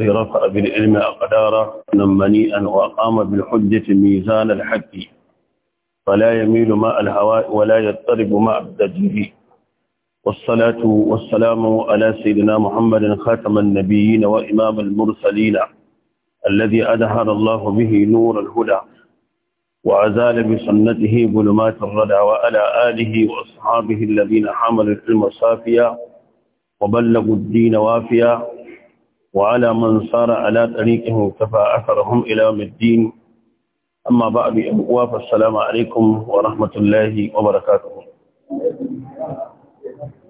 رفع بالعلم أقدارا منيئا وأقام بالحجة ميزان الحق فلا يميل ماء الهواء ولا يضطرب ماء الدجيل والصلاة والسلام على سيدنا محمد خاتم النبيين وإمام المرسلين الذي أدهر الله به نور الهدى وأزال بسنته ظلمات الردى وعلى آله وأصحابه الذين حملوا العلم صافيا وبلغوا الدين وافيا وعلى من صار على طريقهم وكفى أثرهم إلى الدين أما بعد أبوا فالسلام عليكم ورحمة الله وبركاته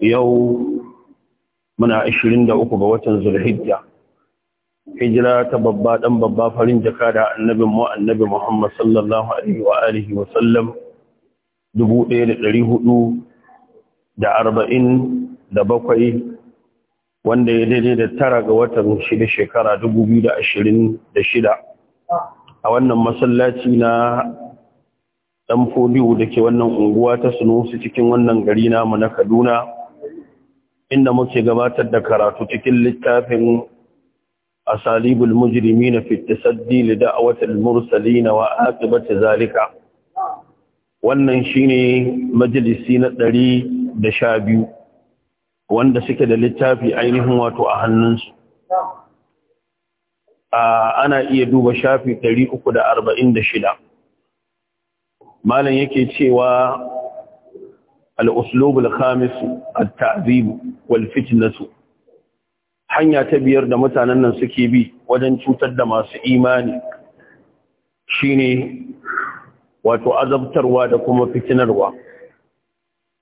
يوم من عشرين دعوك بوتن ذو الحجة hijira ta babba dan babba farin jaka da annabin mu annabi Muhammad sallallahu alaihi wa alihi wa sallam 1447 wanda ya daidai da tara ga watan shida shekara dubu biyu da da ashirin shida a wannan masallaci na ɗan fodiyo da ke wannan unguwa ta sunusu cikin wannan gari namu na kaduna inda muke gabatar da karatu cikin littafin asalibul mujrimina fi da li mursali na wa aqibati zalika wannan shine majalisi na ɗari da sha biyu. wanda suke da littafi ainihin wato a hannunsu ana iya duba shafi shida. malam yake cewa al-uslubul khamis ta'azibu, tazib wal hanya ta biyar da mutanen nan suke bi wajen cutar da masu imani Shi ne wato azabtarwa da kuma fitinarwa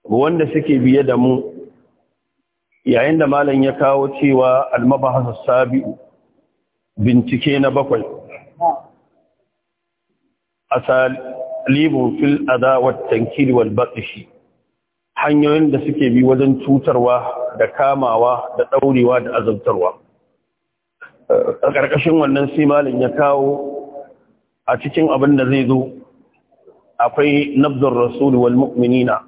wanda suke biye da mu yayin da malam ya kawo cewa almabahas sabi'u bincike na bakwai libu fil ada wat tankil wal baqish hanyoyin da suke bi wajen cutarwa da kamawa da daurewa da azabtarwa a ƙarƙashin wannan sai malam ya kawo a cikin abin da zai zo akwai nabzar rasul wal mu'minina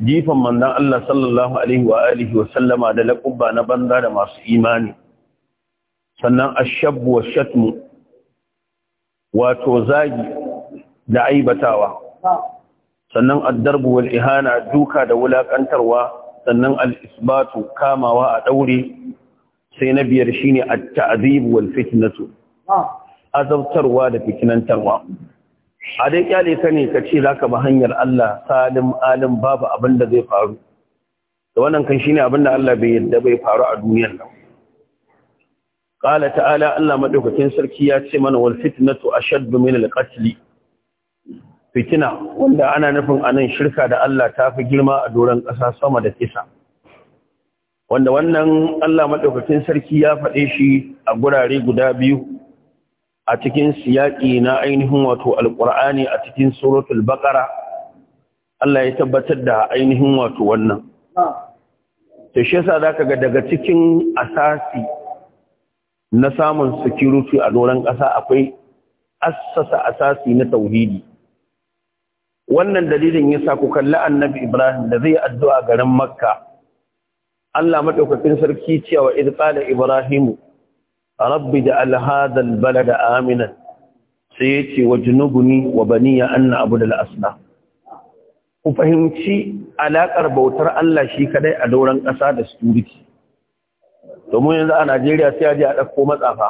jifan Mandan Allah sallallahu alaihi wa alihi wa sallama da laqabba na banza da masu imani sannan ashabb wa shatmu wato zagi da aibatawa sannan addarbu wal ihana duka da wulakantarwa sannan al-isbatu kamawa a daure sai na biyar shine at-ta'dhib wal azabtarwa da fitinantarwa. a dai kyale ka ne ka ce za ka ba hanyar Allah salim alim babu abin da zai faru da wannan kan shi ne abin da Allah bai yadda bai faru a duniyar nan ƙala ta'ala Allah maɗaukakin sarki ya ce mana wal fitnatu ashaddu min al qatl fitina wanda ana nufin anan shirka da Allah ta fi girma a doron ƙasa sama da kisa wanda wannan Allah maɗaukakin sarki ya faɗe shi a gurare guda biyu a cikin siyaƙi na ainihin wato alƙur'ani a cikin suratul baƙara Allah ya tabbatar da ainihin wato wannan. Ta shi yasa zaka ga daga cikin asasi na samun security a doron ƙasa akwai assasa asasi na tauhidi. Wannan dalilin yasa ku kalli annabi Ibrahim da zai addu'a garin Makka. Allah madaukakin sarki cewa idza qala Ibrahimu rabbi da alhadal balada aminan sai ya ce wa junubuni wa baniya anna abu da la'asna ku fahimci alaƙar bautar Allah shi kadai a dauran ƙasa da security domin yanzu a Najeriya sai a a ɗauko matsafa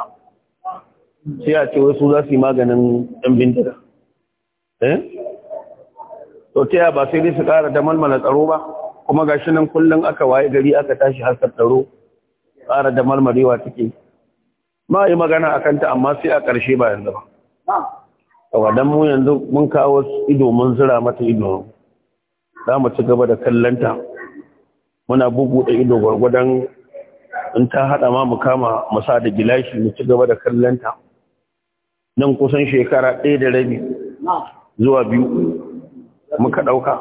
sai a ce su za su yi maganin ɗan bindiga eh to taya ba sai dai su ƙara da malmala tsaro ba kuma gashi nan kullum aka waye gari aka tashi harkar tsaro ƙara da malmarewa take ma yi magana a kanta amma sai a ƙarshe ba yanzu ba yawa don mu yanzu mun kawo ido mun zira mata ido za mu ci gaba da kallanta muna bugu da ido gwargwadon in ta haɗa ma mu kama masa da gilashi mu ci gaba da kallanta nan kusan shekara ɗaya da rabi zuwa biyu muka ɗauka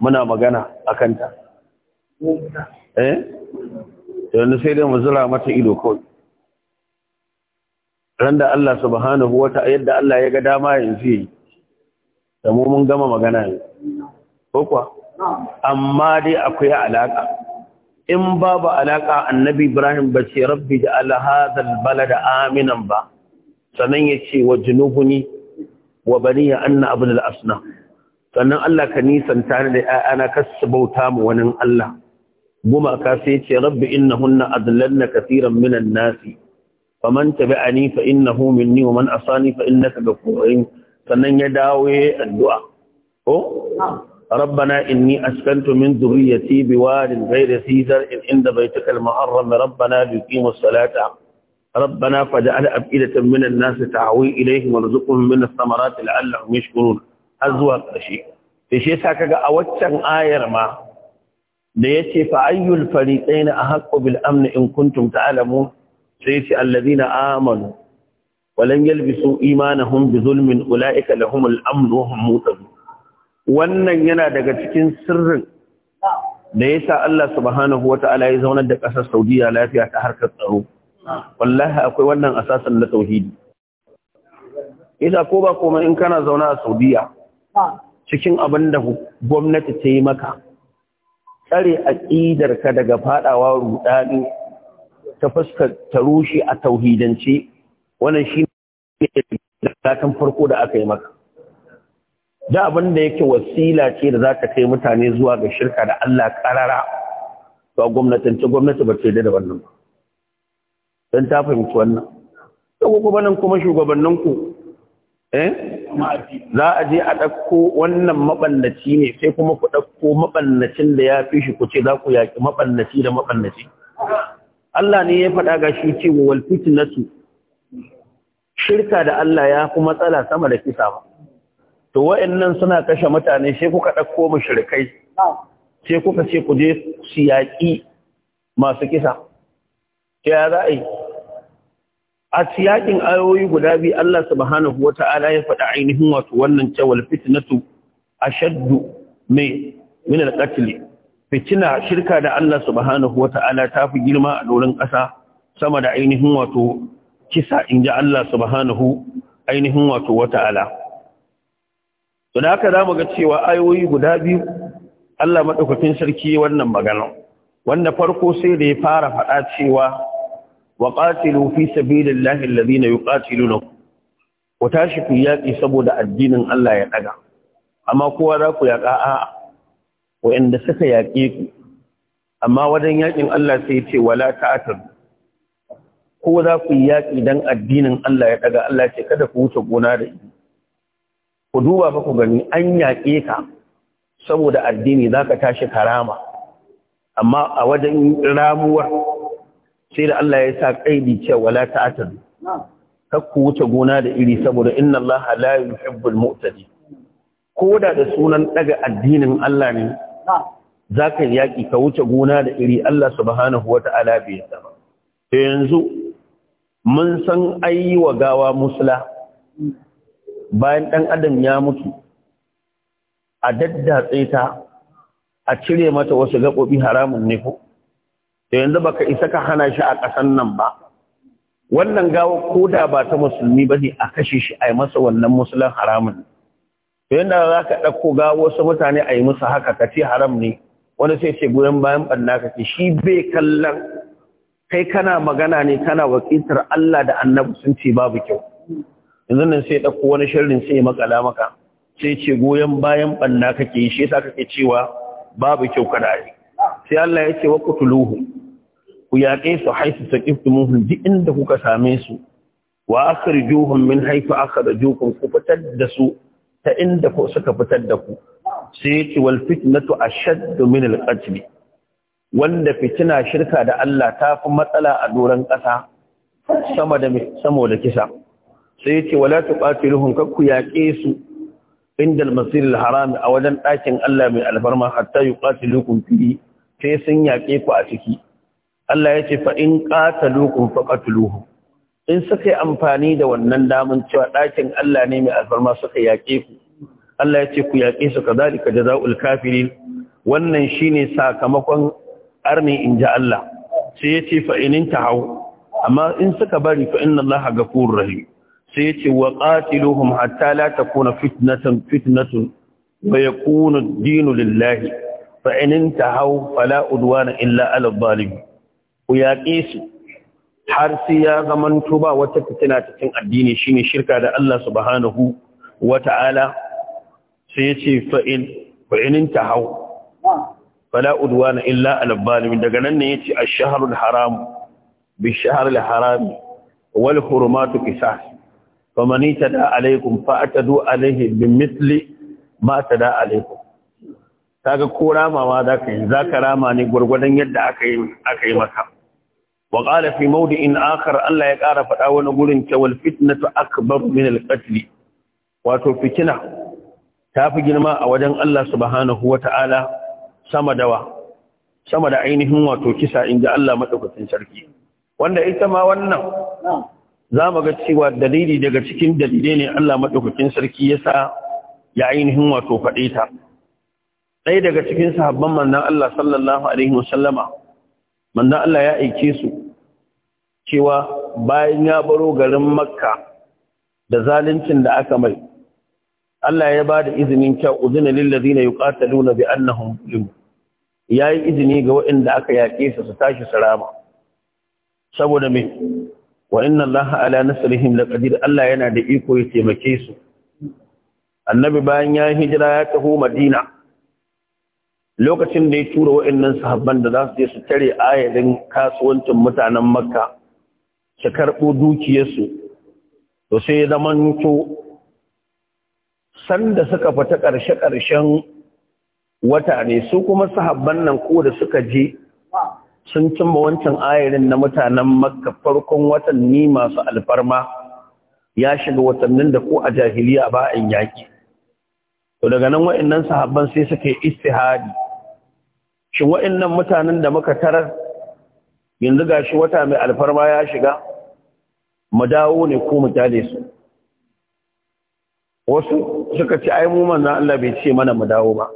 muna magana a kanta eh yanzu sai dai mu zira mata ido kawai da Allah subhanahu wata yadda Allah ya ga dama yanzu yi da mu mun gama magana ne ko kuwa amma dai akwai alaka in babu alaka annabi Ibrahim ba ce rabbi da alhazal balada aminan ba sannan ya ce wa junubuni wa baniya anna abul asna sannan Allah ka nisanta ni da ƴaƴana kasu bauta mu wani Allah gumaka sai ce rabbi innahunna adlalna katiran minan nasi faman tabi a ni fa’in na homin ni wa man a sani fa’in na taga kowai sannan ya dawo ya addu’a. Ko? Rabbana inni askantu min zuriyati bi warin gai da sizar in inda bai ta kalma harram da rabbana bi kima salata. Rabbana fa ja ala abidatan min an-nas ta'awi ilayhi wa rizqhum min ath-thamarati la'allahum yashkurun. Azwa qashi. Da shi sa kaga a waccan ayar ma da ya ce fa ayyul fariqaina ahaqqu bil amn in kuntum ta'lamun sai ce allazina amanu walan yalbisu imanahum bi zulmin ulaika lahumul amnu wa hum muhtadun wannan yana daga cikin sirrin da yasa Allah subhanahu wataala ya zaunar da kasar Saudiya lafiya ta harkar tsaro wallahi akwai wannan asasin na tauhidi ila ko ba komai in kana zauna a Saudiya cikin abin da gwamnati ta yi maka tsare aqidarka daga fadawa rudani ta fuskar ta rushe a tauhidance wannan shi ne zaton farko da aka yi maka da abin da yake wasila ce da za kai mutane zuwa ga shirka da Allah karara to a gwamnatance gwamnati ba ta yi da wannan ba don ta fahimci wannan da kuma nan kuma shugabanninku eh za a je a ɗauko wannan maɓallaci ne sai kuma ku ɗauko maɓallacin da ya fi shi ku ce za ku yaƙi maɓallaci da maɓallaci Allah ne ya faɗa ga shi ce wal su. shirka da Allah ya fi matsala sama da kisa ba to wa'annan suna kashe mutane sai kuka ɗauko mushrikai sai kuka ce ku je su yaƙi masu kisa ya za a yi a siyakin ayoyi guda biyu Allah subhanahu wata'ala ya faɗa ainihin wato wannan cewa a shaddu mai min al fitina shirka da Allah subhanahu wata'ala ta fi girma a doron ƙasa sama da ainihin wato kisa in ji Allah subhanahu ainihin wato wata'ala to da haka zamu ga cewa ayoyi guda biyu Allah maɗaukakin sarki wannan magana wanda farko sai da ya fara faɗa cewa ƙatilu fi yi ƙatilu na ku tashi ku yaƙi saboda addinin Allah ya ɗaga amma kowa za ku yaƙa a'a wa'anda suka yaƙe ku amma wajen yaƙin Allah sai ce wala ta'atar ko za ku yi yaƙi dan addinin Allah ya daga Allah ce kada ku wuce gona da iri, ku duba fa ku gani an yaƙe ka saboda addini za ka tashi karama amma a wajen ramuwar sai da Allah ya sa ƙaidi ce wala ta'atar ku wuce gona da iri saboda inna Allah la yuhibbul mu'tadi ko da da sunan ɗaga addinin Allah ne za ka yaƙi ka wuce gona da iri Allah subhanahu wa ta'ala bai yadda ba. yanzu mun san ayi wa gawa musula bayan ɗan adam ya mutu a daddatse ta a cire mata wasu gaɓoɓi haramun ne ko yanzu baka isa ka hana shi a ƙasan nan ba wannan gawa ko da ba ta musulmi ba ne a kashe shi a yi masa wannan musulan haramun to yadda za ka ɗauko ga wasu mutane a yi musu haka ka ce haram ne wani sai ce goyon bayan ɓanna ka ce shi bai kallon kai kana magana ne kana wakiltar Allah da annabi sun ce babu kyau yanzu nan sai ɗauko wani shirin sai ya makala maka sai ce goyon bayan ɓanna kake yi shi ka kake cewa babu kyau kada yi sai Allah ya ce wa kutuluhu ku yaƙe su haisu duk inda kuka same su wa akhrijuhum min da akhrajukum ku fitar da su ta inda ko suka fitar da ku sai yake wal fitnatu ashaddu min al qatl wanda fitina shirka da Allah ta fi matsala a doron ƙasa sama da samo da kisa sai yake wala tuqatiluhum kakku yaqe su inda al-masjid al-haram a wajen ɗakin Allah mai alfarma hatta yuqatilukum fihi sai sun yaƙe ku a ciki Allah yace fa in qataluukum faqatuluhum in suka yi amfani da wannan daman cewa ɗakin Allah ne mai alfarma suka yaƙe ku Allah ya ce ku yaƙe su ka jaza'ul kafiri wannan shi ne sakamakon arni in ji Allah sai ya ce fa’inin ta hau amma in suka bari fa’in inna Allah ghafurur rahi sai ya ce wa qatiluhum hatta lata kuna fitnatan fitnatun wa yakuna kuna dinu lillahi fa’inin ta hau fala’udwa na illa ala ku yaƙe su har sai ya zamanto ba wata fitina cikin addini shine shirka da Allah subhanahu wata'ala sai ya ce fa'in fa'inin tahau fala udwana illa ala zalimin daga nan ne yace ash-shahrul haram bi shahril haram wal hurumatu qisas faman itada alaykum fa'tadu alayhi bimithli ma tada alaykum kaga ko ramawa zaka yi zaka rama ne gurgurdan yadda aka yi aka yi maka wa qala fi mawdi'in akhar Allah ya ƙara faɗa wani gurin cewa fitnatu akbar min al-qatl wato fitina ta fi girma a wajen Allah subhanahu wata'ala sama dawa sama da ainihin wato kisa inda Allah madaukakin sarki wanda ita ma wannan za mu ga cewa dalili daga cikin dalilai ne Allah maɗaukakin sarki ya sa ya ainihin wato faɗe ta. Ɗaya daga cikin sahabban mandan Allah sallallahu Alaihi wasallama, Allah ya aike su cewa bayan ya baro garin makka da zaluncin da aka mai Allah ya ba da izinin kyau uzina lillazina yuqataluna bi annahum zulm yayi izini ga waɗanda aka yake su su tashi sarama saboda me wa inna allaha ala nasrihim laqadir Allah yana da iko ya taimake su annabi bayan ya hijira ya taho madina lokacin da ya tura waɗannan sahabban da za su je su tare ayarin kasuwancin mutanen makka su karɓo dukiyarsu to sai ya zama nuto, sanda suka fita ƙarshe-ƙarshen wata ne su kuma sahabban nan ko da suka je sun cimma wancan ayarin na mutanen makka farkon watanni masu alfarma ya shiga watannin da ko a jahiliya ba a yaƙi to daga nan wa'annan sahabban sai suka yi istihadi shin nan mutanen da muka tarar yanzu gashi wata mai alfarma ya shiga mu dawo ne ko mu kyale su wasu suka ce ai mu manzon Allah bai ce mana mu dawo ba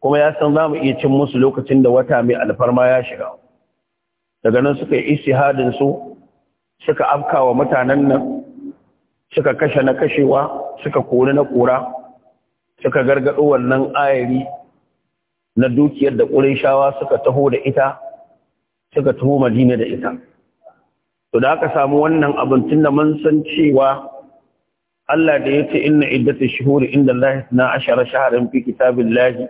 kuma ya san za mu iya cin musu lokacin da wata mai alfarma ya shiga daga nan suka yi istihadin su suka afkawa mutanen nan suka kashe na kashewa suka kori na kora suka gargado wannan ayari na dukiyar da shawa suka taho da ita suka taho madina da ita to da aka samu wannan abin da mun san cewa Allah da yace inna iddatu shuhuri inda Allah na ashara shahrin fi kitabillahi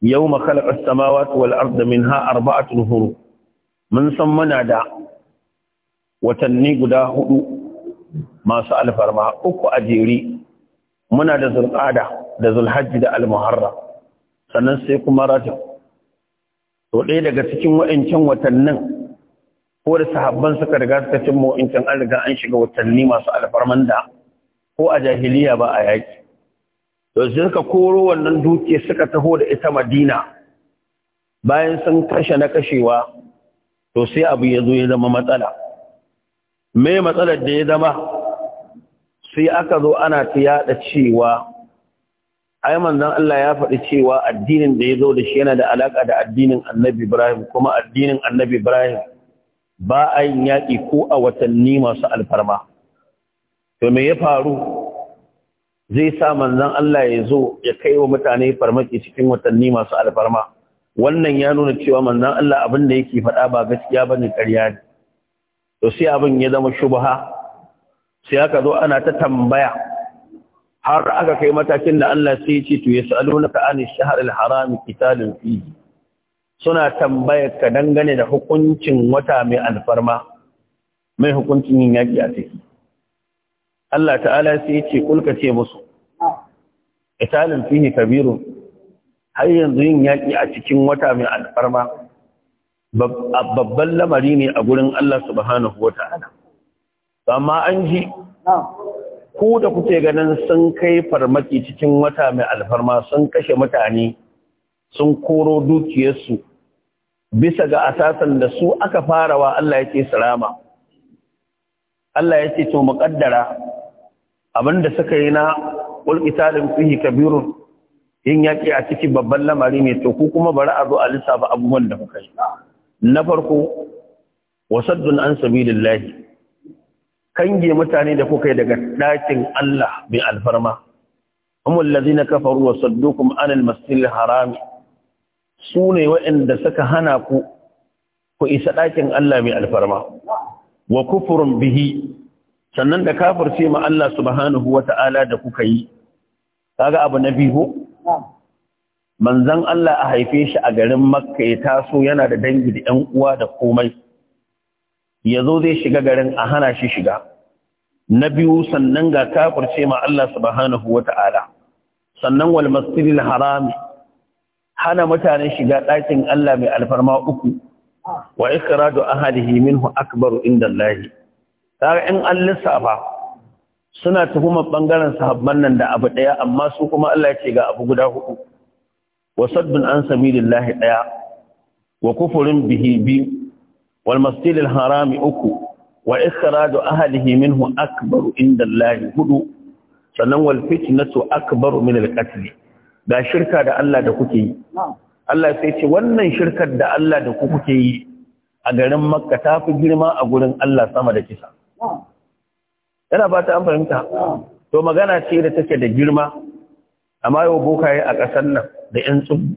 yawma khalaqa as-samawati wal arda minha arba'atun huru mun san muna da watanni guda hudu masu alfarma uku a jeri muna da zulqada da zulhajj da al-muharram sannan sai kuma rajab to ɗaya daga cikin waɗancan watannin ko da sahabban suka riga suka cin mu'incin an riga an shiga watanni masu alfarman da ko a jahiliya ba a yaƙi to suka koro wannan duke suka taho da ita madina bayan sun kashe na kashewa to sai abu ya zo ya zama matsala me matsalar da ya zama sai aka zo ana ta yaɗa cewa ai manzon Allah ya faɗi cewa addinin da ya zo da shi yana da alaƙa da addinin annabi Ibrahim kuma addinin annabi Ibrahim ba a yin yaƙi ko a watanni masu alfarma to me ya faru zai sa manzan Allah ya zo ya kai wa mutane farmaki cikin watanni masu alfarma wannan ya nuna cewa manzon Allah abin da yake faɗa ba gaskiya ne ƙarya ne to sai abin ya zama shubha sai aka zo ana ta tambaya har aka kai matakin da Allah sai ya ce ka yasalunaka shahar al harami qitalun fihi suna tambayar ka dangane da hukuncin wata mai alfarma mai hukuncin yin yaƙi a ciki Allah ta'ala sai ce kulka ce musu italin fihi Kabiru har yanzu yin yaƙi a cikin wata mai alfarma babban lamari ne a gurin Allah subhanahu wa ta'ala amma an ji ku da kuke ganin sun kai farmaki cikin wata mai alfarma sun kashe mutane sun koro dukiyarsu bisa ga asasan da su aka farawa Allah ya ce salama. Allah ya ce to muƙaddara abinda suka yi na ƙulƙitalin fihi kabirun yin yaƙi a ciki babban lamari ne to ku kuma bari a zo a lissafa abubuwan da kuka yi na farko wasaddun an sabilillahi kange mutane da kuka yi daga ɗakin Allah mai alfarma humul ladina kafaru wa saddukum anil masjidil harami su ne waɗanda suka hana ku ku isa ɗakin Allah mai alfarma wa kufurin bihi sannan da ce ma Allah subhanahu ta’ala da kuka yi kaga abu na biyu manzon Allah a haife shi a garin Makka ya taso yana da dangi da ƴan uwa da komai Ya zo zai shiga garin a hana shi shiga na biyu sannan ga ce ma Allah subhanahu ta’ala sannan wal masjidil harami hana mutane shiga ɗakin Allah mai alfarma uku wa ikradu ahadihi minhu akbaru inda Allah kaga in an lissafa suna tuhumar bangaren sahabban nan da abu daya amma su kuma Allah ya ce ga abu guda hudu wa saddun an sabilillahi daya wa kufurin bihi bi wal masjidil harami uku wa ikradu ahadihi minhu akbaru inda Allah hudu sannan wal fitnatu akbaru min al qatl Da shirka da Allah da kuke yi Allah sai ce wannan shirkar da Allah da ku kuke yi a garin Makka ta fi girma a gurin Allah sama da kisa yana ba ta an to magana ce da take da girma amma yau bokaye a ƙasar nan da 'yan tsubu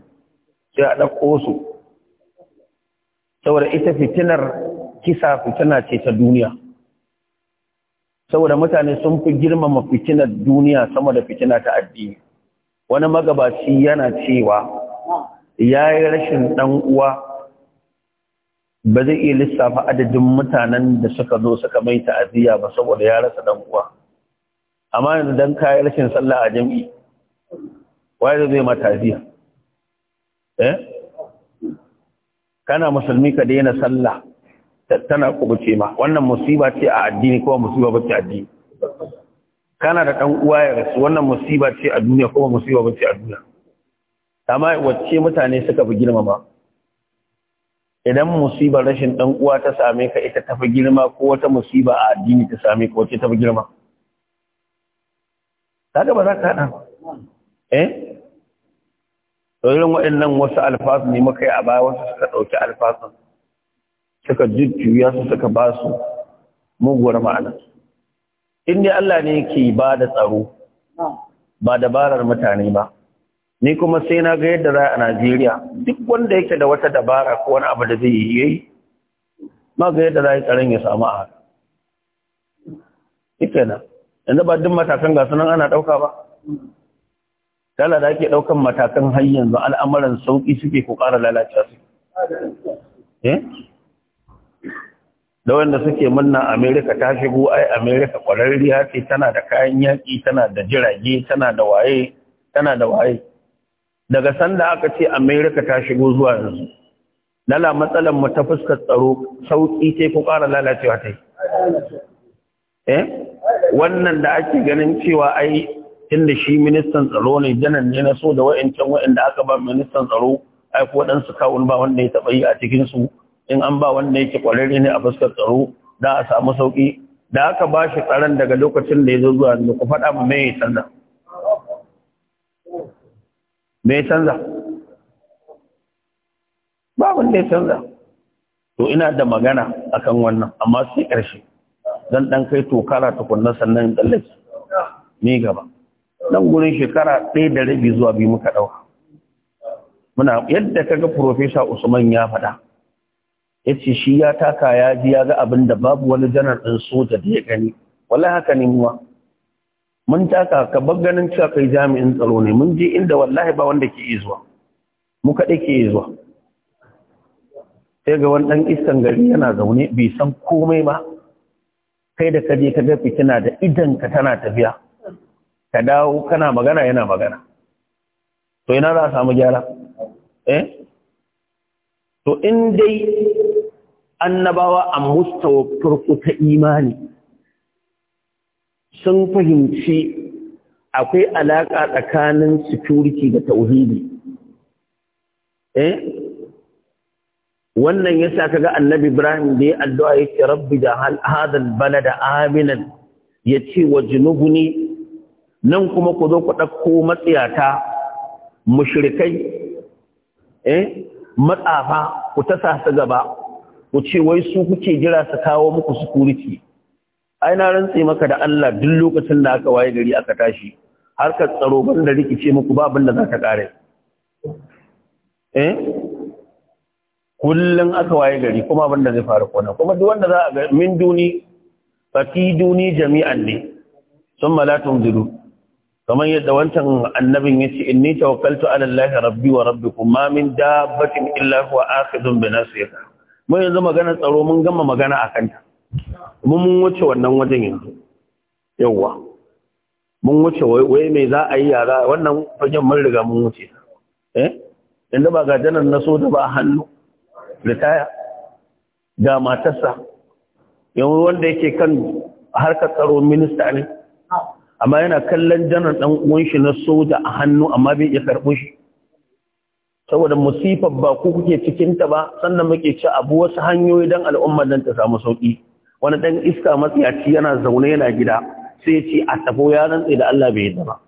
sai a ɗauko su saboda ita fitinar kisa fitina ce ta duniya saboda mutane sun fi girmama fitinar duniya sama da fitina ta addini wani magabaci yana cewa ya yi rashin ɗan uwa ba zai iya lissafa adadin mutanen da suka zo suka mai ta'aziyya ba saboda ya rasa ɗan uwa amma yanzu don kayi rashin sallah a jam'i waye zai ma ta'aziyya eh kana musulmi ka daina sallah tana kubuce ma wannan musiba ce a addini ko musiba ba ce addini kana da ɗan uwa ya rasu wannan musiba ce a duniya kuma musiba ba ce a duniya amma wacce mutane suka fi girmama idan musibar rashin ɗan uwa ta same ka ita ta fi girma ko wata musiba a addini ta same ka wacce ta fi girma kaga ba za ka haɗa eh irin waɗannan wasu alfasu ne muka yi a baya wasu suka ɗauki alfasun suka jujjuya su suka ba su muguwar ma'ana in dai Allah ne ke ba da tsaro ba dabarar mutane ba ni kuma sai na ga yadda za a Najeriya duk wanda yake da wata dabara ko wani abu da zai yi ma ga yadda za a yi tsaron ya samu a ita na yanzu ba duk matakan ga sunan ana ɗauka ba dala da ake ɗaukan matakan har yanzu al'amuran sauƙi suke ko ƙara lalacewa su eh da wanda suke munna amerika ta shigo ai amerika kwararri ce tana da kayan yaƙi tana da jirage tana da waye tana da waye daga sanda aka ce amerika ta shigo zuwa yanzu lala matsalar mu ta fuskar tsaro sauki ce ko ƙara lalacewa ta yi eh wannan da ake ganin cewa ai inda shi ministan tsaro ne janar ne na so da wa'ancan wa'anda aka ba ministan tsaro ai ko waɗansu kawun ba wanda ya taɓa yi a cikinsu in an ba wanda yake kwararre ne a fuskar tsaro da a samu sauki da aka ba shi tsaron daga lokacin da ya zo zuwa da ku faɗa mai ya canza me canza ba wanda ya canza to ina da magana akan wannan amma sai ƙarshe zan ɗan kai tokara tukunna sannan tsallaki ni gaba nan gurin shekara ɗaya da rabi zuwa biyu muka ɗauka muna yadda kaga Profesa Usman ya faɗa ya ce shi ya taka ya ji ya ga abin da babu wani janar ɗin soja da ya gani wallahi haka ne muwa mun taka ka bar ganin cewa kai jami'in tsaro ne mun je inda wallahi ba wanda ke izuwa zuwa mu kaɗai ke izuwa sai ga wani ɗan iskan gari yana zaune bai san komai ba kai da ka je ka ga fitina da idan ka tana tafiya ka dawo kana magana yana magana to ina za a samu gyara eh to in dai annabawa a mustawa farko ta imani sun fahimci akwai alaƙa tsakanin security da tauhidi eh wannan yasa ga annabi Ibrahim da ya addu'a ce, rabbi da hadal balada aminan yace wajnubni nan kuma ku zo ku ɗauko matsiyata mushrikai eh matsafa ku tasa su gaba ku ce wai su kuke jira su kawo muku sukuriki ai na rantse maka da Allah duk lokacin da aka waye gari aka tashi har ka tsaro ban da rikice muku ba abin da za ta kare eh kullun aka waye gari kuma abin da zai faru kona kuma duk wanda za a ga min duni fati duni jami'an ne thumma la tunziru kamar yadda wancan annabin yace inni tawakkaltu ala allahi rabbi wa rabbikum ma min dabbatin illa huwa akhidun bi nasiha Mun yanzu magana tsaro mun gama magana a kanta mun mun wuce wannan wajen yanzu yawwa mun wuce wai mai za a yi yara wannan fagen mun riga mun wuce eh inda ba ga janar na soja da ba hannu ritaya ga matarsa yanzu wanda yake kan harkar tsaro minista ne amma yana kallon janar ɗan uwan shi na soja a hannu amma bai iya karɓo shi saboda musifar ba ku kuke ta ba sannan muke ci abu wasu hanyoyi don al'ummar nan ta samu sauƙi wani 'dan iska matsayaci yana zaune yana gida sai ce a tafo ya rantse da Allah bai yadda ba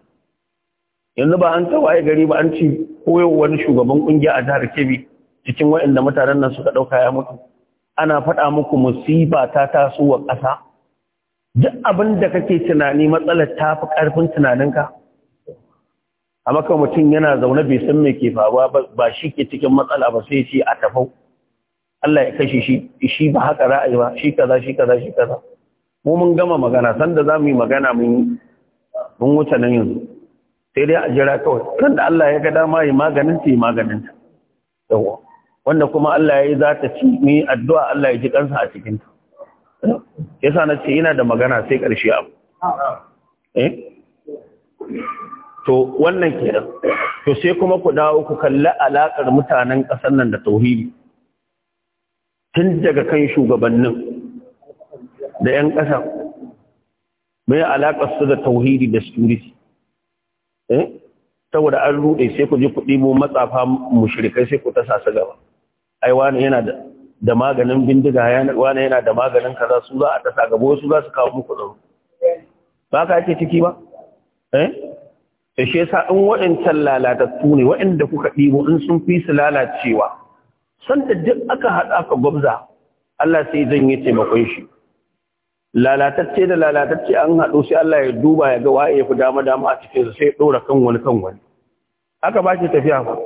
yanzu ba an tawaye gari ba an ci wani shugaban ƙungiya a jihar Kebbi cikin waɗanda mutanen nan suka ɗauka ya mutu ana faɗa muku musiba ta taso wa ƙasa duk abin da kake tunani matsalar ta fi ƙarfin tunaninka amma kan mutum yana zaune bai san me ke faruwa ba shi ke cikin matsala ba sai ce a tafau Allah ya kashe shi shi ba haka ra'ayi ba shi kaza shi kaza shi kaza mu mun gama magana sanda za mu yi magana mun mun wuce nan yanzu sai dai a jira kawai kan da Allah ya ga dama yi maganin sai yi maganin ta yawa wanda kuma Allah ya yi za ta ci ni addu'a Allah ya ji kansa a cikin ta yasa na ce yana da magana sai ƙarshe abu eh to wannan kenan to sai kuma ku dawo ku kalli alakar mutanen ƙasar nan da tauhidi tun daga kan shugabannin da ƴan ƙasa mai alaƙar su da tauhidi da security eh? saboda an rude sai ku ji ku ɗibo matsafa mushrikai sai ku tasa su gaba ai wani yana da maganin bindiga wani yana da maganin kaza su za a tasa gaba wasu za su kawo muku tsaro ba ka ake ciki ba eh da shi yasa in waɗancan lalatattu ne waɗanda kuka ɗibo in sun fi su lalacewa sanda duk aka haɗa ka gwabza Allah sai zan yi taimakon shi lalatacce da lalatacce an haɗu sai Allah ya duba ya ga waye fi dama dama a cikin su sai ɗora kan wani kan wani aka ba shi tafiya ba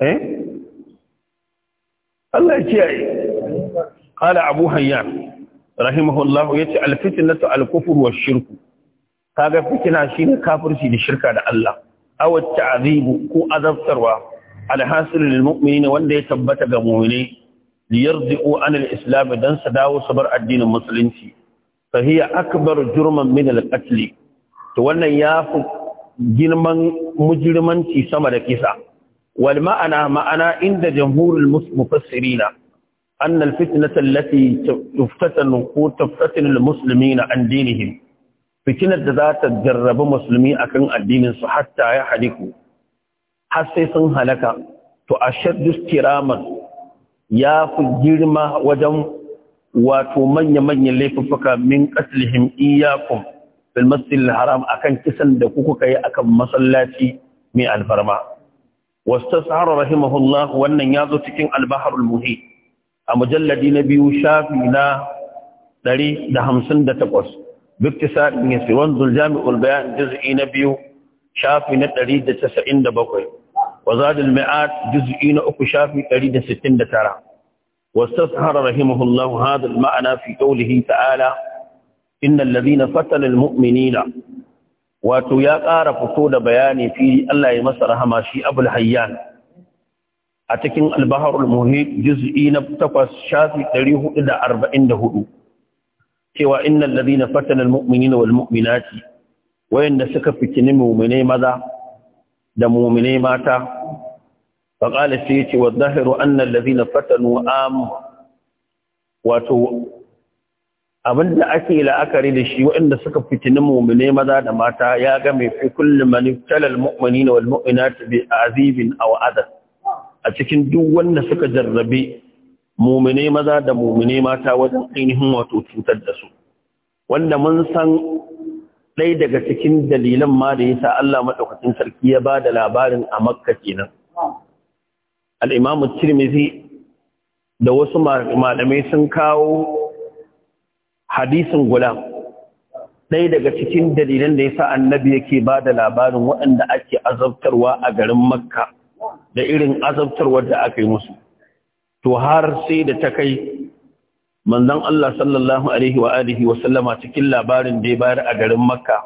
eh Allah ya kiyaye qala abu hayyan rahimahullahu yace al fitnatu al kufr wa shirku kaga fitina shine kafirci da shirka da Allah awat ta'zibu ko azabtarwa alhasil lil mu'minin wanda ya tabbata ga mu'mini liyarzi'u an al dan su dawo su bar addinin musulunci fa hiya akbar jurman min al to wannan yafi girman mujrimanci sama da kisa wal ma'ana ma'ana inda jamhurul mufassirina أن الفتنة التي تفتتن تفتتن المسلمين عن دينهم fitinar da za ta jarrabi musulmi akan addinin su hatta ya haliku har sai sun halaka to ashaddu kiraman ya fi girma wajen wato manya-manyan laifuffuka min qatlihim iyyakum fil masjidil haram akan kisan da kuka yi akan masallaci mai alfarma wastasara rahimahullah wannan ya zo cikin al-bahrul a mujalladi na biyu shafi na 158 باكتسار من يسوان الجامع والبيان جزء نبي شافي نتريد تسعين دبقوي وزاد المئات جزء نأكو شافي تريد ستين دتارا واستظهر رحمه الله هذا المعنى في قوله تعالى إن الذين فتن المؤمنين واتو يا ƙara fito da bayani fi Allah ya masa rahama shi abul hayyan a cikin albaharul 8 shafi cewa innal ladina fatana almu'minina wal mu'minati wayanda suka fitini mu'minai maza da mu'minai mata fa qala sai yace wa dhahiru anna alladhina fatanu am wato abinda ake la'akari da shi wayanda suka fitini mu'minai maza da mata ya ga mai fi kulli man talal mu'minina wal mu'minati bi azibin aw adab a cikin duk wanda suka jarrabe mumine maza da mumine mata wajen ainihin wato cutar da su wanda mun san ɗaya daga cikin dalilan ma da yasa Allah madaukakin sarki ya ba da labarin a Makka kenan al-Imam da wasu malamai sun kawo hadisin gulam ɗaya daga cikin dalilan da yasa annabi yake ba da labarin waɗanda ake azabtarwa a garin Makka da irin azabtarwar da aka yi musu to har sai da ta kai manzon Allah sallallahu alaihi cikin labarin da ya bayar a garin Makka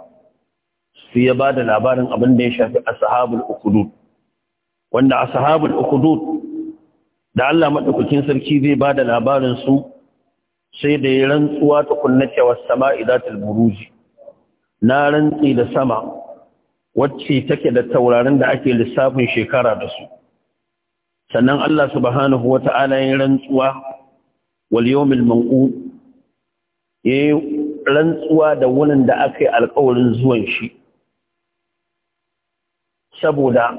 su ya bada labarin abin da ya shafi ashabul Ukudud. wanda ashabul Ukudud da Allah maɗaukakin sarki zai ba da labarin su sai da ya rantsuwa ta kunnata was sama'i buruji na rantsi da sama wacce take da taurarin da ake lissafin shekara da su sannan Allah subhanahu wa ta'ala ya rantsuwa wal yawmil manqud ya rantsuwa da wurin da aka yi alƙawarin zuwan shi saboda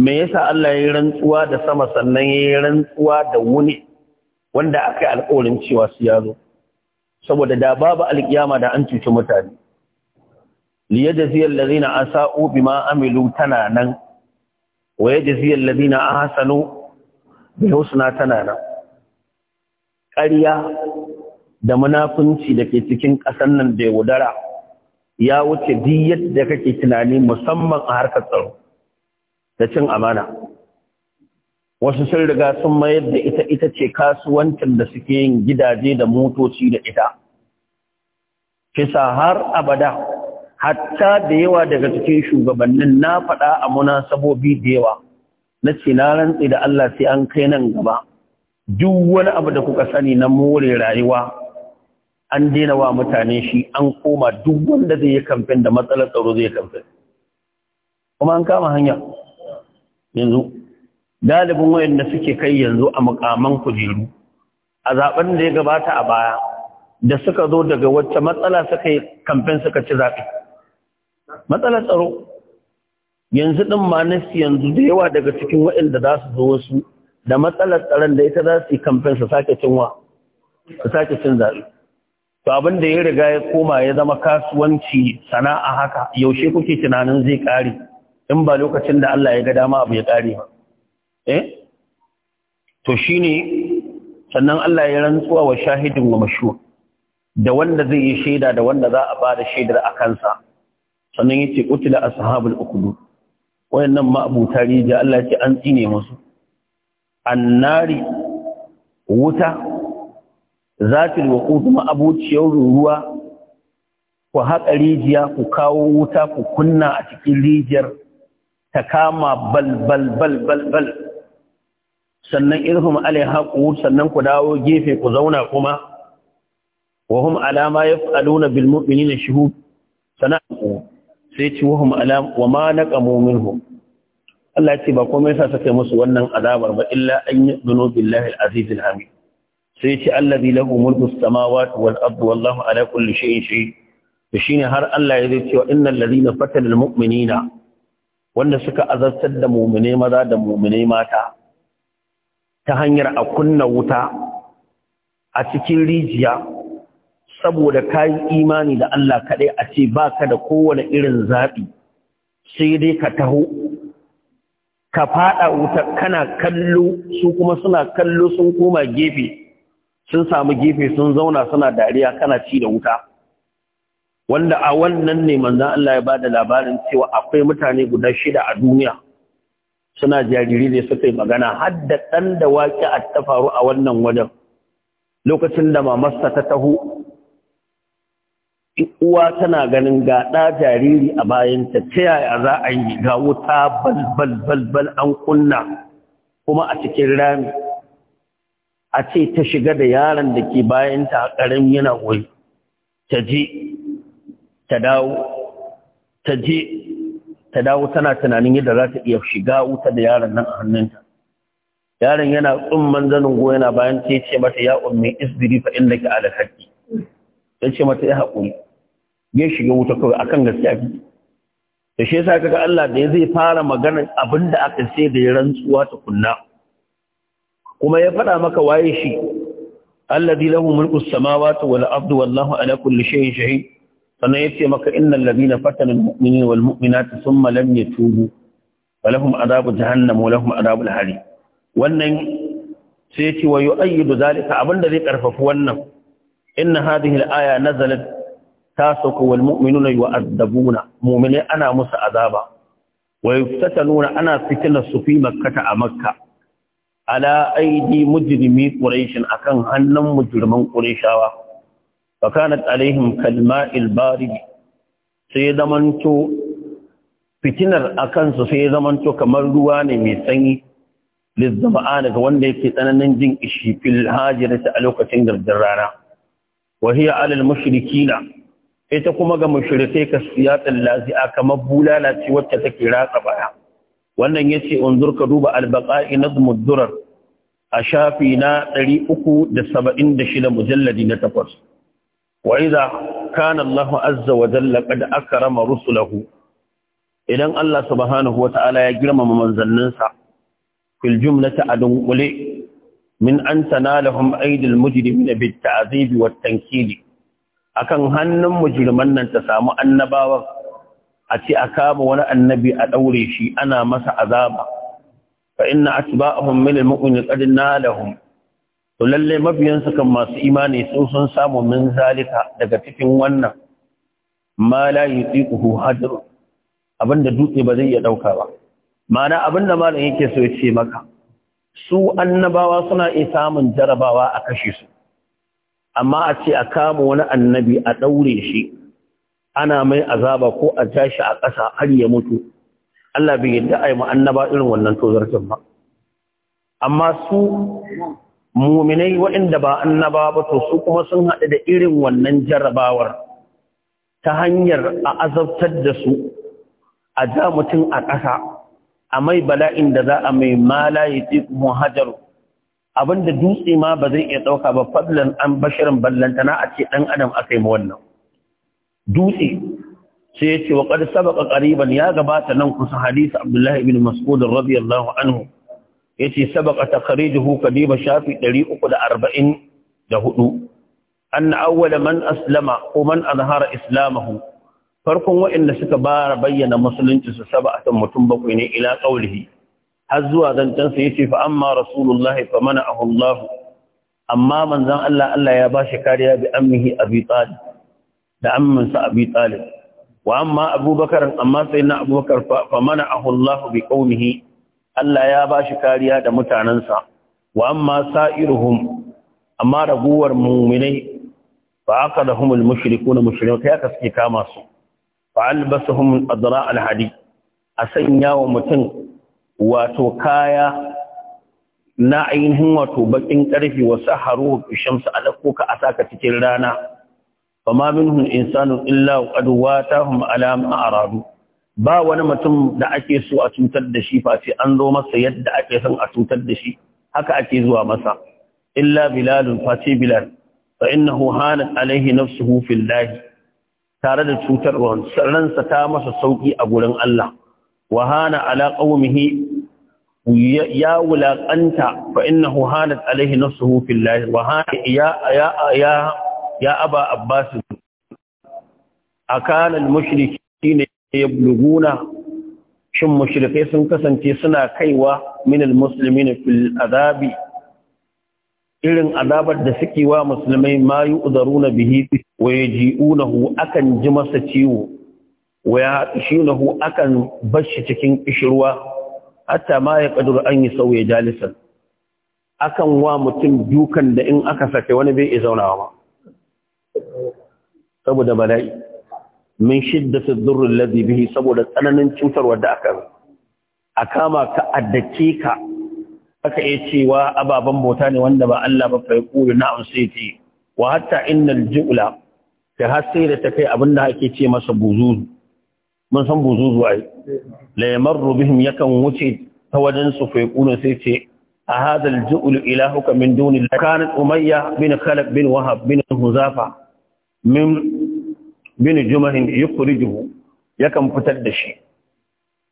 me yasa Allah ya rantsuwa da sama sannan ya rantsuwa da wuni wanda aka yi alƙawarin cewa su ya zo saboda da babu alƙiyama da an cuci mutane liyajziyal ladina asa'u bima amilu tana nan wa yajzi alladhina hasanu bil husna tana nan ƙariya da munafunci da ke cikin ƙasar nan da yaudara ya wuce biyar da kake tunani musamman a harkar tsaro da cin amana wasu sun riga sun mayar da ita ita ce kasuwancin da suke yin gidaje da motoci da ita kisa har abada hatta da yawa daga cikin shugabannin na faɗa a munasabobi da yawa na ce na rantsi da Allah sai an kai nan gaba duk wani abu da kuka sani na more rayuwa an daina wa mutane shi an koma duk wanda zai yi kamfen da matsalar tsaro zai kamfen kuma an kama hanya yanzu galibin wayanda suke kai yanzu a mukaman kujeru a zaben da ya gabata a baya da suka zo daga wacce matsala suka yi kamfen suka ci zaɓe matsalar tsaro yanzu ɗin ma yanzu da yawa daga cikin waɗanda za su zo wasu da matsalar tsaron da ita za su yi kamfen su sake cinwa su sake cin zaɓe to abin da ya riga ya koma ya zama kasuwanci sana'a haka yaushe kuke tunanin zai ƙare in ba lokacin da Allah ya ga dama abu ya ƙare ba eh to shine sannan Allah ya rantsuwa wa shahidin wa mashhur da wanda zai yi shaida da wanda za a ba da shaidar a kansa sannan yace qutila ashabul ukhdud wayannan ma'abuta rija Allah ce an tsine musu annari wuta zatil waqud ma'abuciyar ruwa ku haƙa rijiya ku kawo wuta ku kunna a cikin rijiyar ta kama bal bal bal bal bal sannan irhum alaiha qud sannan ku dawo gefe ku zauna kuma wa hum alama yaf'aluna bil mu'minina shuhud sana'u sai ci wahum alam wa ma naqamu minhum Allah ya ce ba komai sa saka musu wannan azabar ba illa an yu'minu billahi al-aziz al-hamid sai ya ce allazi lahu mulku as-samawati wal ardi wallahu ala kulli shay'in Da to shine har Allah ya ce cewa innal ladina fatala al-mu'minina wanda suka azabtar da mu'mine maza da mu'mine mata ta hanyar a kunna wuta a cikin rijiya saboda kayi imani da Allah kaɗai a ce ba ka da kowane irin zaɓi sai dai ka taho ka faɗa wuta kana kallo su kuma suna kallo sun koma gefe sun samu gefe sun zauna suna dariya kana ci da wuta wanda a wannan ne manzan Allah ya ba da labarin cewa akwai mutane guda shida a duniya suna jariri ne suka yi magana har da ɗan da waƙi a ta a wannan wajen lokacin da mamarsa ta taho uwa tana ganin ga ɗa jariri a bayanta ta yaya za a yi ga wuta balbalbal an kunna kuma a cikin rami a ce ta shiga da yaron da ke bayanta a ƙarin yana wuri ta je ta dawo ta je ta dawo tana tunanin yadda za ta iya shiga wuta da yaron nan a hannunta yaron yana tsumman zanin goyo yana bayan ce ce mata ya ummi isbiri fa ke ala don ce mata ya haƙuri ya shiga wuta kawai akan gaskiya fi da shi yasa kaga Allah da ya zai fara magana abinda aka ce da ya rantsuwa ta kunna kuma ya faɗa maka waye shi alladhi lahu mulku samawati wal ardi wallahu ala kulli shay'in shahid sannan yace maka innal ladina fatana al mu'minina wal mu'minati thumma lam yatubu falahum adabu jahannam wa lahum adabu al hari wannan sai yace wa yu'ayyidu zalika abinda zai karfafa wannan inna hadhihi al aya nazalat tasaku wal mu'minuna yu'addabuna Muminai ana musu azaba wa nuna ana fitilar su fi makkata a makka ala aidi mujrimi quraish akan hannun mujriman qurayshawa fa kanat alaihim kalma'il barid sai zamanto fitinar akan su sai zamanto kamar ruwa ne mai sanyi lizzama'ana ga wanda yake tsananin jin ishi fil hajirata a lokacin garjin rana wa hiya alal mushrikina ita kuma ga mushrikai ka siyatan a kamar bulala ce wacce take ratsa baya wannan yace unzur ka duba al-baqa'i nazmud durar a shafi na 376 mujalladi na takwas wa idza kana Allah azza wa jalla qad akrama rusulahu idan Allah subhanahu wa ta'ala ya girmama manzanninsa fil jumlati adun quli min an tanalahum aydil mujrimina bit ta'zib wat tankid akan hannun mujirman nan ta samu annabawar. a ce a kama wani annabi a ɗaure shi ana masa azaba fa inna atba'ahum min almu'minin qad nalahum to lalle mabiyansu kan masu imani sun sun samu min zalika daga cikin wannan ma la yutiquhu hadr abinda dutse ba zai iya dauka ba mana abinda malam yake so ya ce maka su annabawa suna iya samun jarabawa a kashe su amma a ce a kama wani annabi a ɗaure shi ana mai azaba ko a tashi a ƙasa har ya mutu Allah bai yadda a yi ma'annaba irin wannan tozartin ba amma su muminai waɗanda ba annaba ba to su kuma sun haɗu da irin wannan jarabawar ta hanyar a azabtar da su a ja mutum a ƙasa a mai bala'in da za a mai malaye tikun hajaru abinda dutse ma ba zai iya ɗauka ba fadlan an bashirin ballantana a ce ɗan adam aka yi wannan dutse sai ya ce wa qad sabaqa ya gabata nan kusa hadisi abdullahi ibn mas'ud radiyallahu anhu yace sabaqa taqriduhu kadiba shafi ko man أول islamahu, farkon ومن suka إسلامه bayyana musulunci su بين mutum bakwai ne ila قوله har zuwa zancensa ya ce fa amma rasulullahi fa mana ahullahu amma manzan Allah Allah ya ba shi kariya bi ammihi abi talib da amminsa abi talib wa amma abubakar amma sai na abubakar fa mana ahullahu bi qaumihi Allah ya ba shi kariya da mutanansa wa amma sa'iruhum amma raguwar mu'minai fa aqadahum al-mushrikuuna mushrikai aka suke kama su fa albasuhum adra al-hadid a sanya wa mutum wato kaya na ainihin wato bakin ƙarfi wasu haruhu shamsu a ka a saka cikin rana fama minhum insanun illa ta watahum alama a aradu ba wani mutum da ake so a cutar da shi face an zo masa yadda ake son a cutar da shi haka ake zuwa masa illa bilalun face bilal fa innahu hanat alaihi nafsuhu fillahi tare da cutarwa ransa ta masa sauki a gurin Allah wahana ala qaumihi ya wulaƙanta fa innahu hanat alaihi nafsuhu fillah wa hana ya ya ya ya aba abbas akana almushrikin yabluguna shin mushrikai sun kasance suna kaiwa min almuslimin fil azabi irin azabar da suke wa musulmai ma yu'daruna bihi wa yaji'unahu akan ji masa ciwo waya shi hu akan bashi cikin kishirwa? Hata ma ya kaduru an yi sauye akan wa mutum dukan da in aka sake wani bai iya zauna ma saboda bala'i min shiddati dhurri alladhi bihi saboda tsananin cutarwa da aka a kama ka addake ka aka iya cewa ababen bauta ne wanda ba Allah ba fai yaqulu na sai wa hatta innal ju'la ta har sai da ta kai abinda ake ce masa buzuzu. mun san buzuzu yi. la rubihim yakan wuce ta wajen su fa sai ce a hadha al ilahuka min duni umayya bin khalaf bin wahab bin huzafa min bin jumahin yukhrijuhu yakan fitar da shi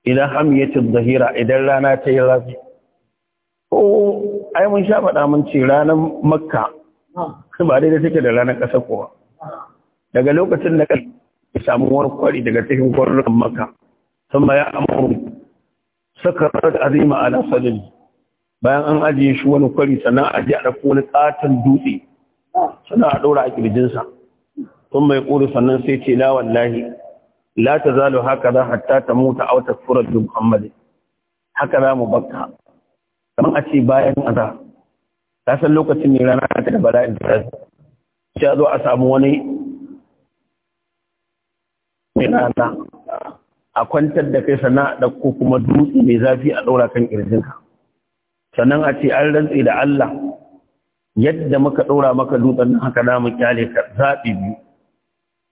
idan hamiyatu zahira, idan rana ta yi rafi ko ai mun sha faɗa mun ce ranar makka ba daidai take da ranar ƙasa kowa daga lokacin da samu wani kwari daga cikin kwarurukan maka sun ya amuru suka rarraka azima ala sadari bayan an ajiye shi wani kwari sannan a ji a ɗauko wani ƙaton dutse sannan a ɗora a ƙirjinsa sun mai ƙuri sannan sai ce la wallahi la ta zalo haka za hatta ta mota a wata furar da muhammadu haka za mu bakka kamar a ce bayan azar ta san lokacin ne rana ta da bala'in da ta zo a samu wani rana a kwantar da kai sana da ko kuma dutse mai zafi a ɗaura kan ƙirjinka sannan a ce an rantse da Allah yadda muka ɗaura maka dutsen nan haka namu kyale ka zaɓi biyu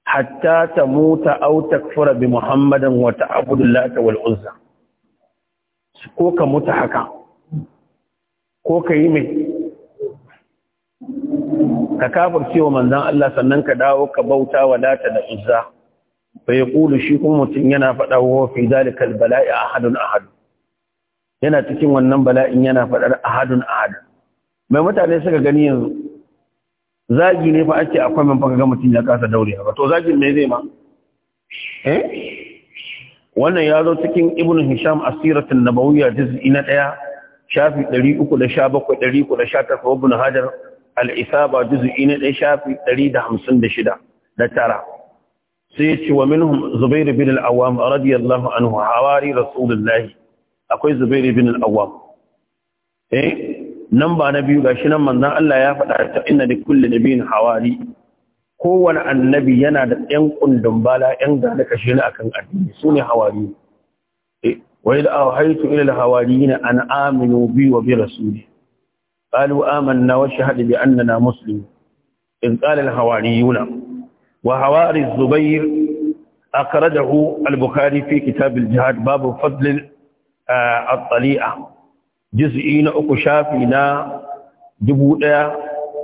hatta ta mota au takfura bi muhammadin wa ta'budu lata wal uzza ko ka mutu haka ko ka yi mai ka kafar cewa manzan Allah sannan ka dawo ka bauta wa da uzza fa yaqulu shi kuma mutum yana faɗa wa fi a hadun ahadun ahad yana cikin wannan bala'in yana faɗar ahadun ahad mai mutane suka gani yanzu zagi ne fa ake akwai man ga mutum ya kasa daure ba to zagin me zai ma eh wannan ya zo cikin ibn hisham asiratun nabawiyya juz'i na 1 shafi 317 318 ibn hajar al-isaba juz'i na ɗaya, shafi 156 da tara sai ya ce wa minhum zubair bin al-awwam radiyallahu anhu hawari rasulullahi akwai zubair bin al-awwam eh nan ba na biyu gashi nan manzon Allah ya faɗa ta inna li kulli nabiyyin hawari kowane annabi yana da ɗan kundin bala ɗan gane kashe ni akan addini su ne hawari eh, wa idha awhaytu ila al-hawariyina an aminu bi wa bi rasuli قالوا آمنا واشهد بأننا مسلمون إذ قال الحواريون وهوار الزبير أخرجه البخاري في كتاب الجهاد باب فضل الطليعة جزئين أكشافنا دبودا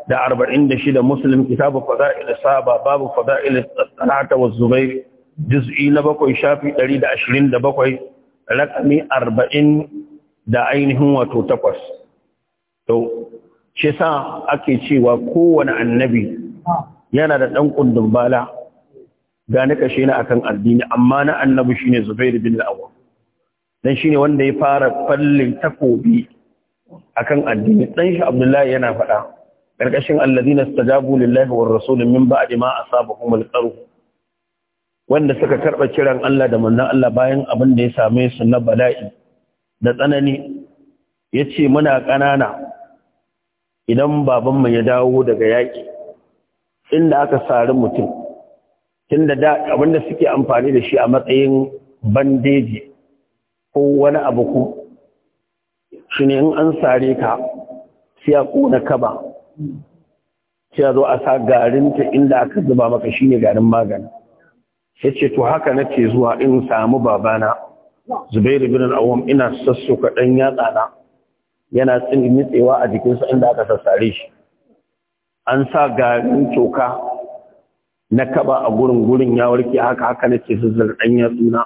دا أربعين دشيد مسلم كتاب فضائل الصحابة باب فضائل الطلعة والزبير جزئين بقوي شافي تريد أشرين دا بقوي رقم أربعين دا عينهم وتوتقص تو شسا أكي شيوا كون النبي yana da ɗan ƙundin bala ga na ƙashe na akan addini amma na annabi shine Zubair bin la'awa don shi shine wanda ya fara fallin takobi akan addini dan shi Abdullahi yana faɗa karkashin alladhina istajabu lillahi war rasul min ba'di ma asabahum al-qarh wanda suka karɓa kiran Allah da manzon Allah bayan abin da ya same su na bala'i da tsanani ya ce muna ƙanana idan babanmu ya dawo daga yaƙi inda aka sari mutum inda da abinda suke amfani da shi a matsayin bandeji ko wani abu ku shi ne in an sare ka sai a ƙona kaba sai a zo a sa garinta inda aka zuba maka shine garin magani ya ce to haka na ce zuwa in samu babana zubairu bin al'awam ina sassuka ɗan yatsa na yana tsin nitsewa a jikinsa inda aka sassare shi an sa garin coka na kaba a gurin gurin ya warke haka haka nake zuzzar ɗan yatsuna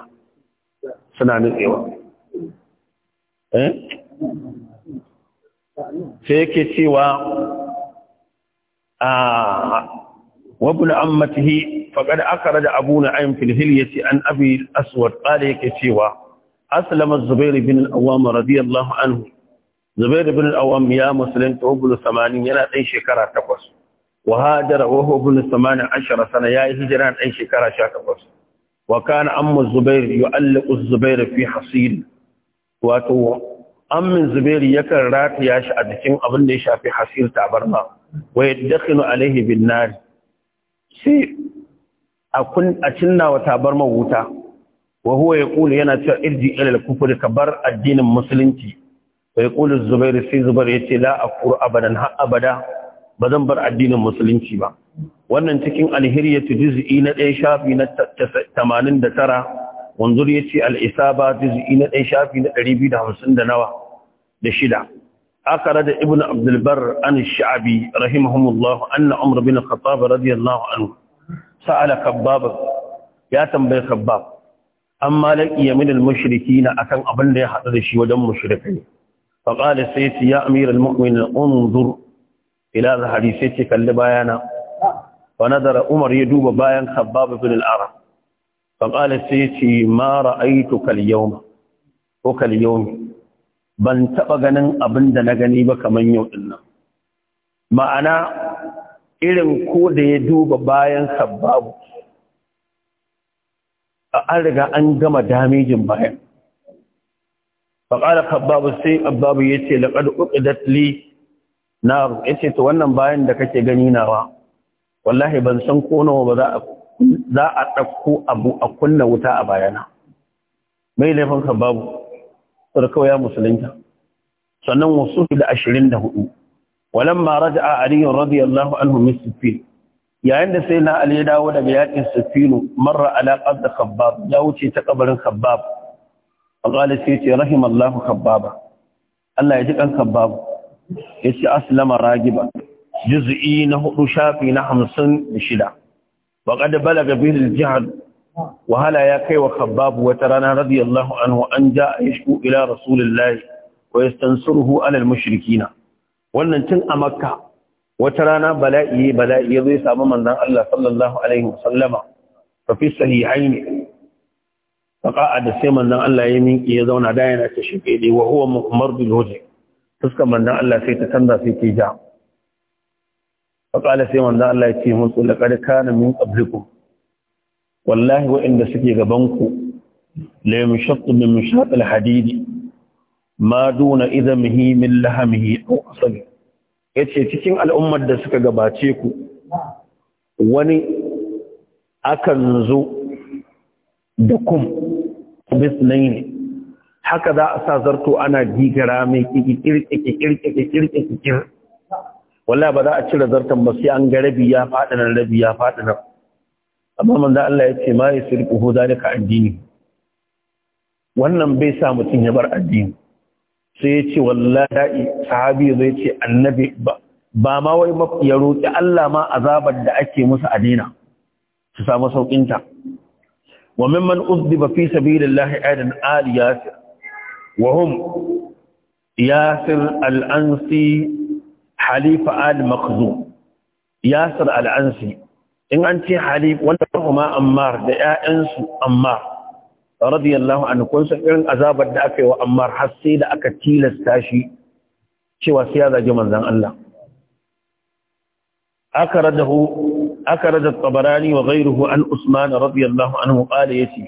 suna nutsewa eh? sai yake cewa a ah, wabin ammatihi faƙar aka rada abu na ayin filhil ya ce an abi aswad ƙada yake cewa asalama zubairu bin al'awama radiyallahu anhu zubair ibn al-awwam ya musulunta hubul umm samanin yana ɗan shekara takwas wa hajara wa hubul umm samanin ashara sana ya yi hijira ɗan shekara sha takwas wa kana amma zubair yu'alliqu Zubairu fi hasil wato ammin zubair yakan rataya shi a jikin abin da ya shafi hasir tabarma wa yadkhilu alaihi bin nar sai a kun a cinna wa tabarma wuta wa huwa yaqulu yana cewa irji ila al ka bar addinin musulunci bai kulu zubairu sai zubar ya ce la a kuru abadan har abada ba zan bar addinin musulunci ba wannan cikin alhiriya tu juz'i na ɗaya shafi na tamanin da tara wanzur ya ce al'isaba juz'i na ɗaya shafi na ɗari biyu da hamsin da nawa da shida aka rada ibn abdulbar an sha'abi rahimahumullah anna umar bin khattab radiyallahu anhu sa'ala kabbab ya tambaye kabbab amma laƙiya min al-mushrikina akan abin da ya haɗu da shi wajen mushrikai فقال سيتي يا أمير المؤمن انظر إلى ظهري سيتي كل بايانا فنظر عمر يدوب بايان خباب بن الأرى فقال سيتي ما رأيتك اليوم وكاليوم ban taɓa ganin abin da na gani ba kamar yau ɗin nan ma'ana irin ko da ya duba bayan sababu an riga an gama damejin bayan faƙala kababu sai ababu ya ce laƙar uƙidat li naru ya ce ta wannan bayan da kake gani nawa wallahi ban san ko nawa ba za a ɗauko abu a kunna wuta a bayana mai laifin kababu sai kawai ya musulunta sannan wasu da ashirin da hudu walamma raja'a ali radiyallahu anhu min sifil yayin da sai na ali ya dawo daga yakin sifilu marra alaƙar da khabbab ya wuce ta kabarin khabbab faƙalar sai ce rahim Allah kabbaba Allah ya ji kan kabbaba ya ce aslama ragiba juz'i na hudu shafi na hamsin da shida faƙalar balaga bin jihar wahala ya kai wa kabbabu wata rana radiyallahu anhu an ja a yashku ila rasulullahi wa yastansuruhu alal mushrikina wannan tun a makka wata rana bala'i bala'i ya zai ya samu manzon Allah sallallahu alaihi wasallama fa fi sahihaini faƙa'a da sai manzan Allah ya minki ya zauna da yana ta shi ƙeɗe wa huwa mu'ammar biloji fuskar manzan Allah sai ta canza sai ke ja da sai manzan Allah ya ce musu laƙar kana min ƙabliku wallahi waɗanda suke gaban la yamshaqu min mishaq al-hadidi ma duna idamihi min lahamihi aw asali yace cikin al'ummar da suka gabace ku wani akan zo da kum ne. haka za a sa zarto ana gigara mai kirkirkirkirkirkirkir wala ba za a cire zartan ba sai an ga rabi ya faɗi nan rabi ya faɗi nan amma manzo Allah ya ce ma ya ho zalika addini wannan bai sa mutum ya bar addini sai ya ce wallahi sahabi zai ce annabi ba Ba ma wai ya roƙi Allah ma azabar da ake musu a dina su samu sauƙinta wa mimman uzdiba fi sabilillahi adan al yasir wa hum yasir al ansi halifa al in an ce halif wanda kuma ammar da ƴaƴansu ammar radiyallahu anhu kun san irin azabar da aka yi wa ammar har sai da aka tilasta shi cewa sai ya zage manzon Allah aka radahu أكرد الطبراني an عن أثمان رضي الله عنه قال يتي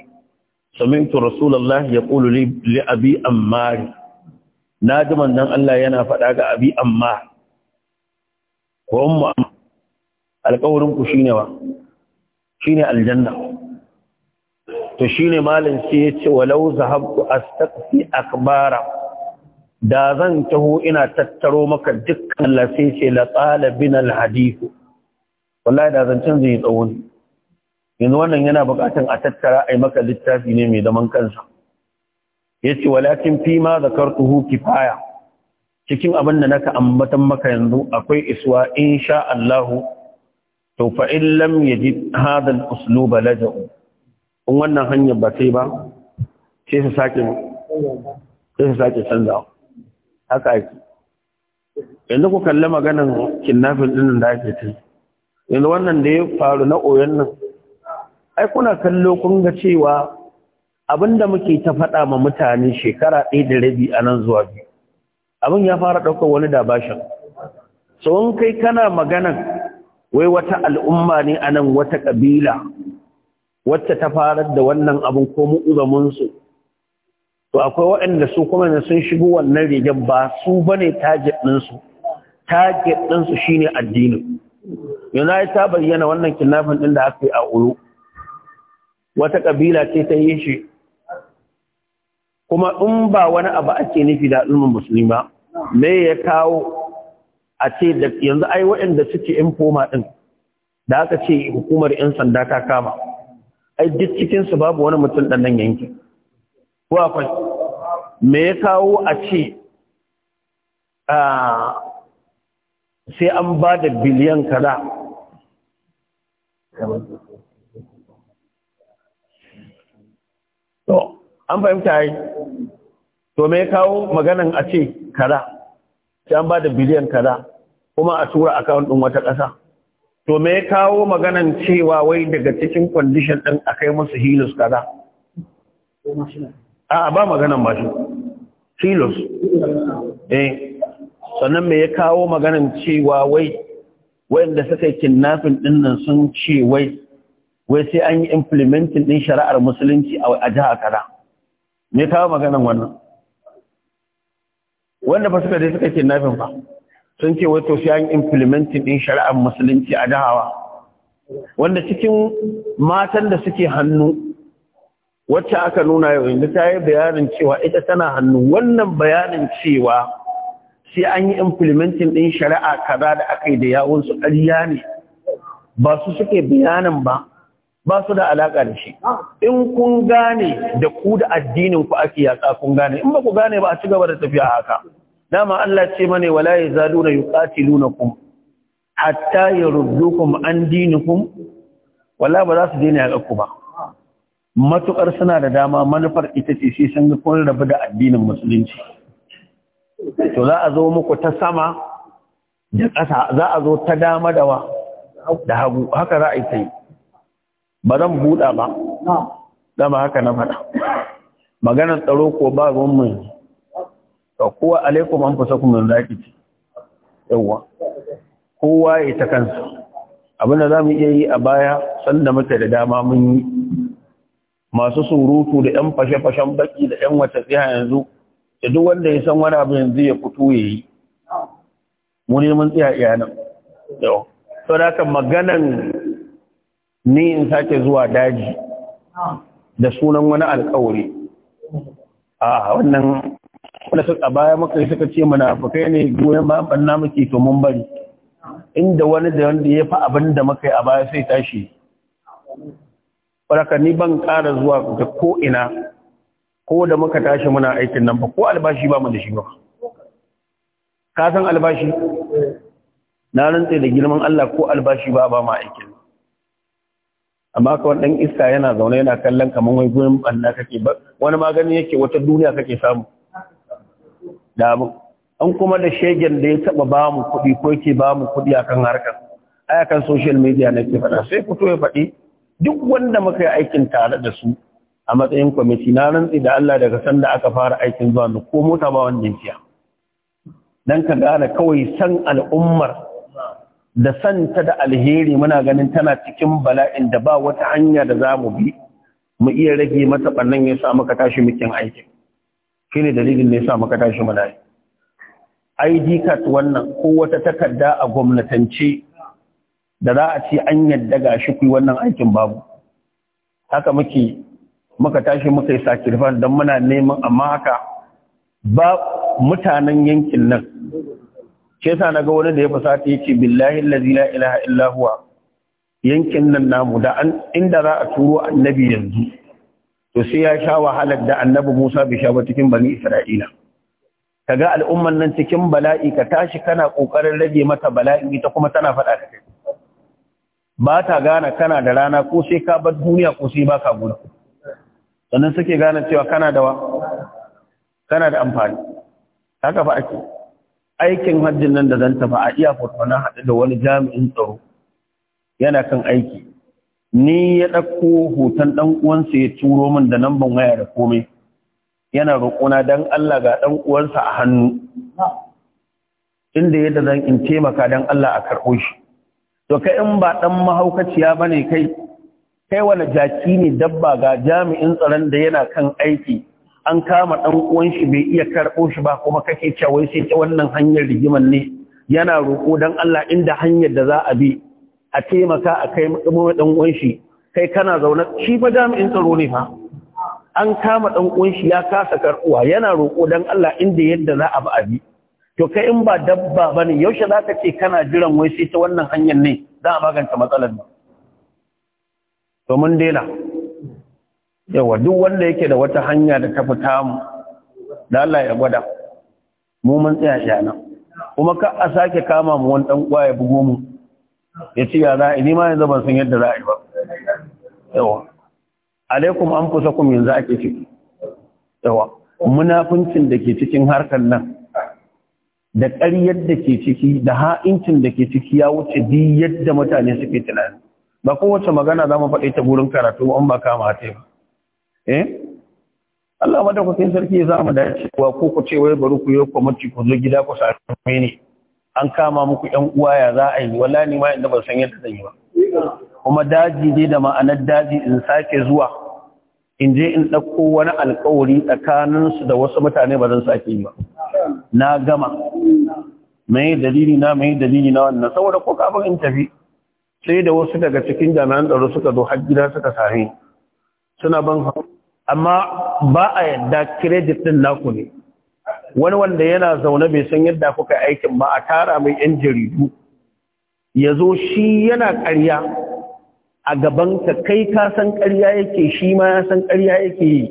سمعت رسول الله يقول لي لأبي أمار Allah yana faɗa ga أبي أمار وأم أمار alƙawarinku shi ne wa shi aljanna to shi malam malin sai ya ce walau zahabtu astaqfi akbara da zan taho ina tattaro maka dukkan lasai ce la talabin alhadithu wallahi da zancen zai yi tsawon? yanzu wannan yana buƙatar a tattara a yi maka littafi ne mai zaman kansa ya ce walakin fi ma zakartuhu kifaya cikin abin da naka ambatan maka yanzu akwai iswa insha allahu to fa in lam yaji hada al-uslub laja'u in wannan hanyar ba sai ba sai su sake sai su sake haka yake yanzu ku kalli maganan kinnafin din da ake tafi yanzu wannan da ya faru na oyon nan ai kuna kallo kun ga cewa abinda muke ta faɗa ma mutane shekara ɗaya da rabi a nan zuwa biyu abin ya fara ɗaukar wani da dabashin Tsohon kai kana maganan wai wata al'umma ne a nan wata ƙabila wacce ta farar da wannan abin ko mu mu'uzaminsu to akwai waɗanda su kuma ne sun shigo wannan rigar ba su bane ne target ɗinsu target ɗinsu shine addinin yana ta bayyana wannan kinnafin din da aka yi a uru wata kabila ce ta yi shi kuma in ba wani abu ake nufi da al'ummar musulmi ba me ya kawo a ce da yanzu ai waɗanda suke foma din da aka ce hukumar 'yan sanda ta kama ai duk cikinsu babu wani mutum ɗan nan yankin ko akwai me ya kawo a ce ah, sai an ba da biliyan kada to an fahimta yi to me kawo maganan a ce kaza sai an ba da biliyan kaza kuma a tura akawun ɗin wata ƙasa to me kawo maganan cewa wai daga cikin kwandishin ɗin a kai musu hilus kaza a ba maganan shi, hilus eh sannan me ya kawo maganan cewa wai wanda suka yi kidnapping din nan sun ce wai wai sai an yi implementing din shari'ar musulunci a jiha kaza me kawo maganan wannan wanda fa suka dai suka kinnafin fa sun ce wai to sai an implementing din shari'ar musulunci a jihawa wanda cikin matan da suke hannu wacce aka nuna yau inda ta yi bayanin cewa ita tana hannu wannan bayanin cewa sai an yi implementing ɗin shari'a kaza da aka yi da yawon su ƙarya ne ba su suke bayanan ba ba su da alaƙa da shi in kun gane da ku da addinin ku ake yatsa kun gane in ba ku gane ba a ci gaba da tafiya haka dama Allah ce mane wala na yuqatilunakum hatta yurdukum an dinikum wala ba za su daina yaƙa ku ba matukar suna da dama manufar ita ce sai sun ga kun rabu da addinin musulunci to za a zo muku ta sama da ƙasa za a zo ta dama da wa da hagu haka za a yi ta yi ba zan buɗa ba dama haka na faɗa maganar tsaro ko ba ruwan mai ka kowa alaikum an fusa kuma zaki ce yawwa kowa ya ta kansa abinda za mu iya yi a baya sanda muke da dama mun yi masu surutu da 'yan fashe-fashen baki da 'yan wata tsiya yanzu da duk wanda ya san wani abu yanzu ya fito ya yi mu ne mun tsaya iya nan yau sau da maganan ni in sake zuwa daji da sunan wani alkawari a wannan wanda suka baya muka yi suka ce munafukai ne goyon ba na muke to mun bari inda wani da wanda ya fi abin da maka yi a baya sai tashi wadaka ni ban kara zuwa da ina. ko da muka tashi muna aikin nan ba ko albashi ba mu da shi ba ka san albashi na rantse da girman Allah ko albashi ba ba mu aikin amma ka wani iska yana zaune yana kallon kamar wai gurin Allah kake ba wani magani yake wata duniya kake samu da an kuma da shegen da ya taba ba mu kuɗi ko yake ba mu kuɗi akan harkar ayakan social media na ke faɗa sai fito ya faɗi duk wanda muka yi aikin tare da su a matsayin kwamiti na rantsi da Allah daga sanda aka fara aikin zuwa da ko mota ba wanda ya dan ka gane kawai san al'ummar da santa da alheri muna ganin tana cikin bala'in da ba wata hanya da za mu bi mu iya rage mata bannan ya sa muka tashi mukin aikin shine dalilin da ya sa muka tashi muna ID card wannan ko wata takarda a gwamnatance da za a ce an yadda ga shi kuyi wannan aikin babu haka muke muka tashi muka yi sakirfan don muna neman amma haka ba mutanen yankin nan ke sa na ga wani da ya fasata ya ce billahi lazi la ilaha illahuwa yankin nan namu da inda za a turo annabi yanzu to sai ya sha wahalar da annabi Musa bai sha ba cikin bani Isra'ila Ka ga al'umman nan cikin bala'i ka tashi kana kokarin rage mata bala'i ita kuma tana faɗa da kai ba ta gane kana da rana ko sai ka bar duniya ko sai ba ka gudu sannan suke gane cewa kana da wa kana da amfani haka fa ake aikin hajjin nan da zan tafi a iya na haɗu da wani jami'in tsaro yana kan aiki ni ya ɗauko hoton ɗan uwansa ya turo min da namban waya da komai yana roƙona don Allah ga ɗan uwansa a hannu inda yadda zan in taimaka don Allah a karɓo shi to kai in ba ɗan mahaukaciya bane kai kai wani jaki ne dabba ga jami'in tsaron da yana kan aiki an kama ɗan uwan shi bai iya karɓo shi ba kuma kake cewa sai ta wannan hanyar rigiman ne yana roƙo don Allah inda hanyar da za a bi a taimaka a kai ɗan uwan shi kai kana zauna? shi ba jami'in tsaro ne fa an kama ɗan uwan shi ya kasa karɓuwa yana roƙo dan Allah inda yadda za a bi a bi to kai in ba dabba bane yaushe zaka ce kana jiran wai sai ta wannan hanyar ne za a magance matsalar ne. to mun dela yawa duk wanda yake da wata hanya da ta fita mu da Allah ya gwada mu mun tsaya shi nan kuma ka a sake kama mu wani dan kwaya bugo mu ya ci ya za ni ma yanzu ban san yadda za a yi ba yawa alaikum ku yanzu ake ciki yawa munafincin da ke cikin harkar nan da ƙaryar da ke ciki da ha'incin da ke ciki ya wuce duk yadda mutane suke tunani ba kowace magana za mu faɗi ta gurin karatu an ba kama ta ba eh Allah sai sarki za mu dace wa ko ku ce wai bari ku yi kwamiti ku zo gida ku sami ne an kama muku yan uwa ya za a yi wallahi ni ma inda ban san yadda zan yi ba kuma daji dai da ma'anar daji in sake zuwa in je in ɗauko wani alkawari tsakaninsu da wasu mutane ba zan sake yi ba na gama mai dalili na mai dalili na wannan saboda ko kafin in tafi sai da wasu daga cikin jami'an tsaro suka zo har gida suka sami suna ban amma ba a yadda credit din naku ne wani wanda yana zaune bai san yadda kuka aikin ba a tara mai yan jaridu ya zo shi yana ƙarya a gaban ka kai ka san ƙarya yake shi ma ya san ƙarya yake yi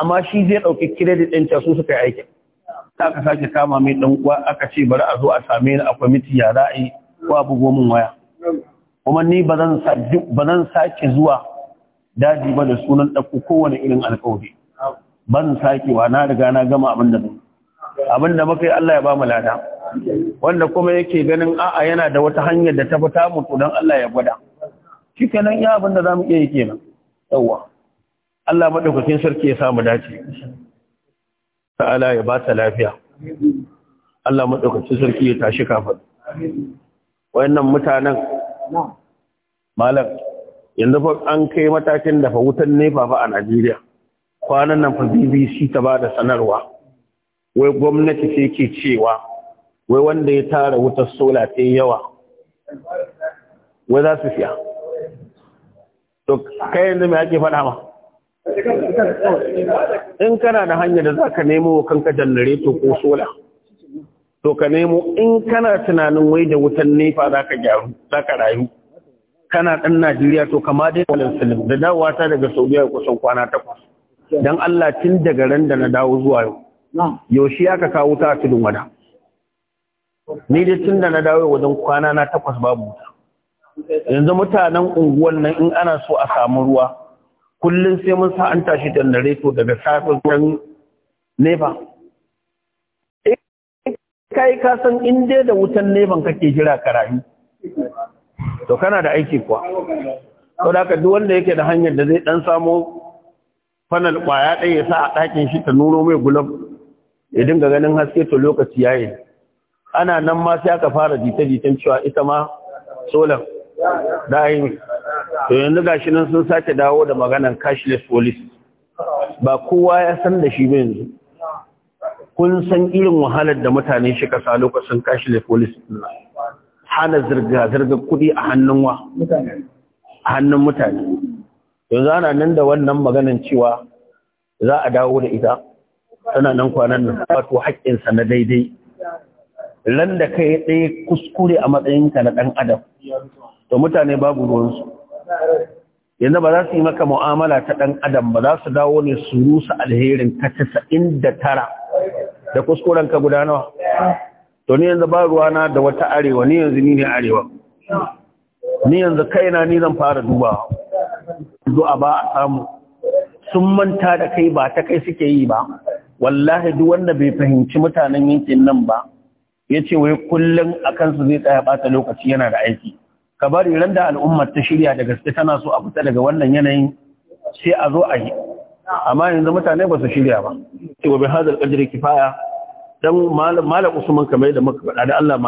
amma shi zai ɗauki credit ɗin su suka yi aikin ta ka sake kama mai ɗan uwa aka ce bari a zo a same ni a kwamiti ya ra'ayi ko a bugo min waya kuma ni ba zan sake zuwa daji ba da sunan ɗauko kowane irin alƙawari ban wa. na riga na gama abin da zan abin da muka yi Allah ya ba mu lada wanda kuma yake ganin a'a yana da wata hanyar da ta fita mutu don Allah ya gwada shi kenan ya abin da za mu iya yi kenan yawwa Allah maɗaukakin sarki ya samu dace ta'ala ya ba ta lafiya Allah maɗaukacin sarki ya tashi kafin wayannan mutanen malam yanzu fa an kai matakin da fa wutan nefa fa a Najeriya kwanan nan fa BBC ta ba da sanarwa wai gwamnati ce ke cewa wai wanda ya tara wutar sola ta yawa wai za su fiya? to kai yanzu me ake faɗa ma in kana da hanyar da za ka nemo kanka janareto ko sola to ka nemo in kana tunanin wai da wutan nefa za ka gyaru za ka rayu kana ɗan Najeriya to kama dai walin sulum da dawowa ta daga Saudiya kusan kwana takwas dan Allah tun daga ran da na dawo zuwa yau yaushe aka kawo ta a tudun wada ni dai tun da na dawo wajen kwana na takwas babu yanzu mutanen unguwan nan in ana so a samu ruwa kullum sai mun sa an tashi da nareto daga safe zuwan nefa eh, kai ka san in dai da wutan neban kake jira ka rayu to kana da aiki kuwa sau da duk wanda yake da hanyar da zai dan samo fanal kwaya ɗaya ya sa a ɗakin shi ta nuno mai gulab ya dinga ganin haske to lokaci yayi ana nan ma sai aka fara jita-jitan cewa ita ma solar da yi to yanzu ga shi nan sun sake dawo da maganan cashless police ba kowa ya san da shi ba yanzu kun san irin wahalar da mutane shi kasa lokacin cashless police hana zirga-zirga kuɗi a hannun wa hannun mutane yanzu ana nan da wannan maganin cewa za a dawo da ita tana nan kwanan nan wato haƙƙinsa na daidai ran da kai ɗaya kuskure a matsayinka na ɗan adam to mutane babu ruwansu yanzu ba za su yi maka mu'amala ta ɗan adam ba za su dawo ne su rusa alherin ka ta da tara da kuskuren ka guda nawa to ni yanzu ba ruwana da wata arewa ni yanzu ni ne arewa ni yanzu kaina ni zan fara duba du'a ba a samu sun manta da kai ba ta kai suke yi ba wallahi duk wanda bai fahimci mutanen yankin nan ba ya ce wai kullum a kansu zai tsaya bata lokaci yana da aiki ka bari ran da al'ummar ta shirya da gaske tana so a fita daga wannan yanayin sai a zo a yi amma yanzu mutane ba su shirya ba ce wa bi hadal qadri kifaya dan malam malam usman kamar yadda muka faɗa da Allah